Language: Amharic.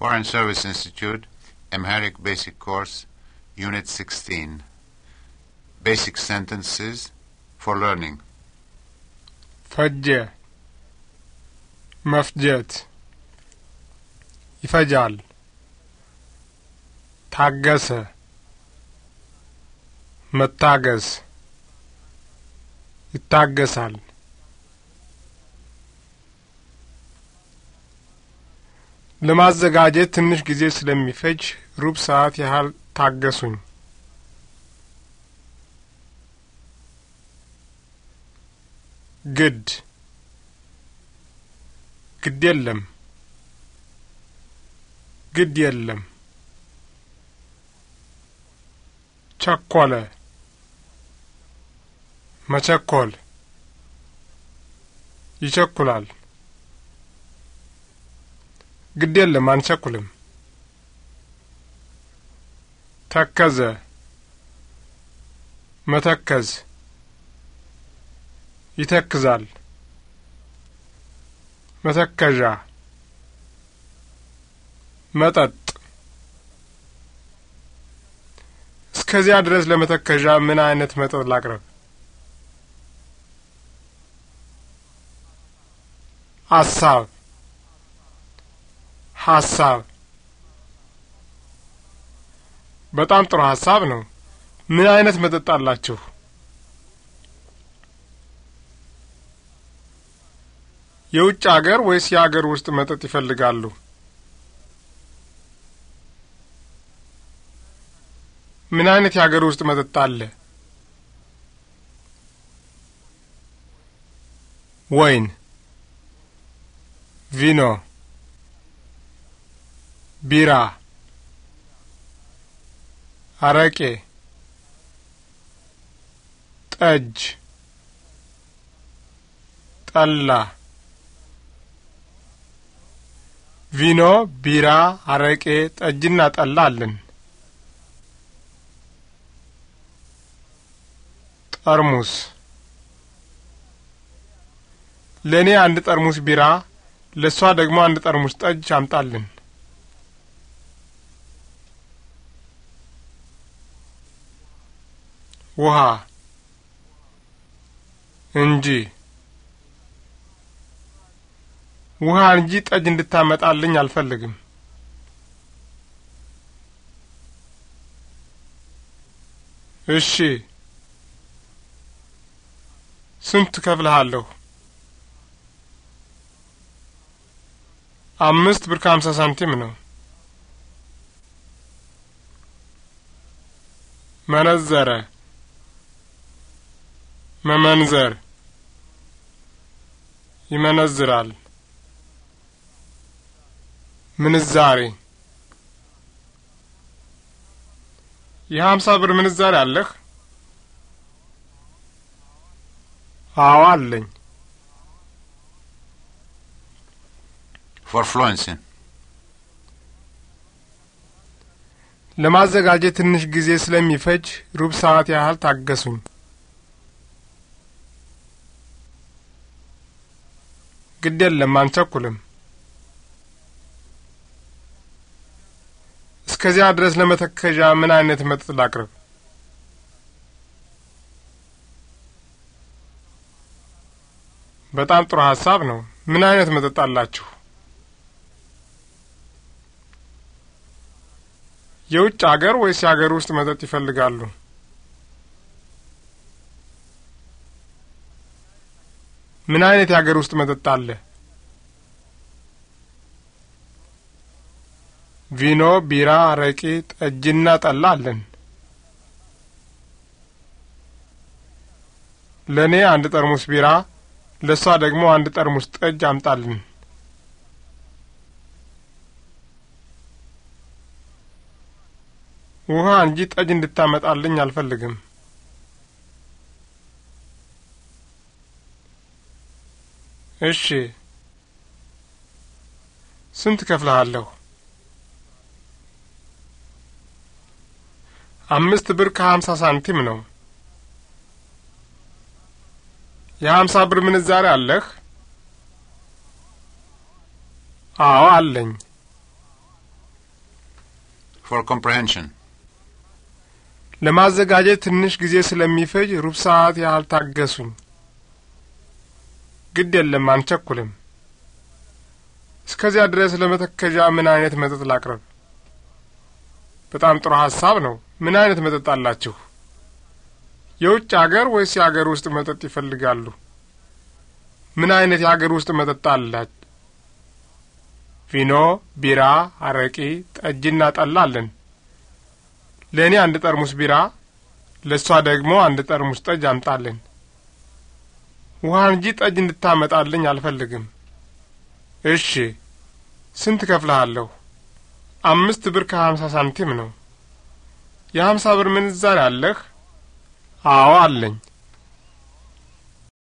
Foreign Service Institute, Amharic Basic Course, Unit 16. Basic sentences for learning. Fajja. Mafjat. Ifajal. ታገሰ መታገስ ይታገሳል ለማዘጋጀት ትንሽ ጊዜ ስለሚፈጅ ሩብ ሰዓት ያህል ታገሱኝ። ግድ ግድ የለም ግድ የለም። ቸኮለ መቸኮል ይቸኩላል። ግድ የለም አንቸኩልም። ተከዘ መተከዝ ይተክዛል። መተከዣ መጠጥ እስከዚያ ድረስ ለመተከዣ ምን አይነት መጠጥ ላቅርብ? አሳብ ሀሳብ በጣም ጥሩ ሀሳብ ነው። ምን አይነት መጠጥ አላችሁ? የውጭ አገር ወይስ የአገር ውስጥ መጠጥ ይፈልጋሉ? ምን አይነት የአገር ውስጥ መጠጥ አለ? ወይን፣ ቪኖ ቢራ አረቄ ጠጅ ጠላ ቪኖ ቢራ አረቄ ጠጅና ጠላ አለን። ጠርሙስ ለእኔ አንድ ጠርሙስ ቢራ፣ ለእሷ ደግሞ አንድ ጠርሙስ ጠጅ አምጣልን። ውሃ እንጂ ውሃ እንጂ ጠጅ እንድታመጣልኝ አልፈልግም። እሺ፣ ስንት ከፍልሃለሁ? አምስት ብር ከሀምሳ ሳንቲም ነው። መነዘረ መመንዘር ይመነዝራል። ምንዛሬ የሀምሳ ብር ምንዛሬ አለህ? አዎ አለኝ። ፎርፍሎንስን ለማዘጋጀት ትንሽ ጊዜ ስለሚፈጅ ሩብ ሰዓት ያህል ታገሱኝ። ግድ የለም አንቸኩልም። እስከዚያ ድረስ ለመተከዣ ምን አይነት መጠጥ ላቅርብ? በጣም ጥሩ ሀሳብ ነው። ምን አይነት መጠጥ አላችሁ? የውጭ አገር ወይስ የአገር ውስጥ መጠጥ ይፈልጋሉ? ምን አይነት የሀገር ውስጥ መጠጥ አለ? ቪኖ፣ ቢራ፣ አረቄ፣ ጠጅና ጠላ አለን። ለእኔ አንድ ጠርሙስ ቢራ፣ ለእሷ ደግሞ አንድ ጠርሙስ ጠጅ አምጣልን። ውሃ እንጂ ጠጅ እንድታመጣልኝ አልፈልግም። እሺ። ስንት ከፍልሃለሁ? አምስት ብር ከሀምሳ ሳንቲም ነው። የሀምሳ ብር ምንዛሪ አለህ? አዎ አለኝ። for comprehension ለማዘጋጀት ትንሽ ጊዜ ስለሚፈጅ ሩብ ሰዓት ያህል ታገሱኝ። ግድ የለም አንቸኩልም። እስከዚያ ድረስ ለመተከዣ ምን አይነት መጠጥ ላቅርብ? በጣም ጥሩ ሀሳብ ነው። ምን አይነት መጠጥ አላችሁ? የውጭ አገር ወይስ የአገር ውስጥ መጠጥ ይፈልጋሉ? ምን አይነት የአገር ውስጥ መጠጥ አላች? ቪኖ፣ ቢራ፣ አረቂ፣ ጠጅና ጠላ አለን። ለእኔ አንድ ጠርሙስ ቢራ፣ ለእሷ ደግሞ አንድ ጠርሙስ ጠጅ አምጣለን። ውሃን እንጂ ጠጅ እንድታመጣልኝ አልፈልግም። እሺ፣ ስንት ከፍልሃለሁ? አምስት ብር ከሀምሳ ሳንቲም ነው። የሀምሳ ብር ምንዛሪ አለህ? አዎ አለኝ።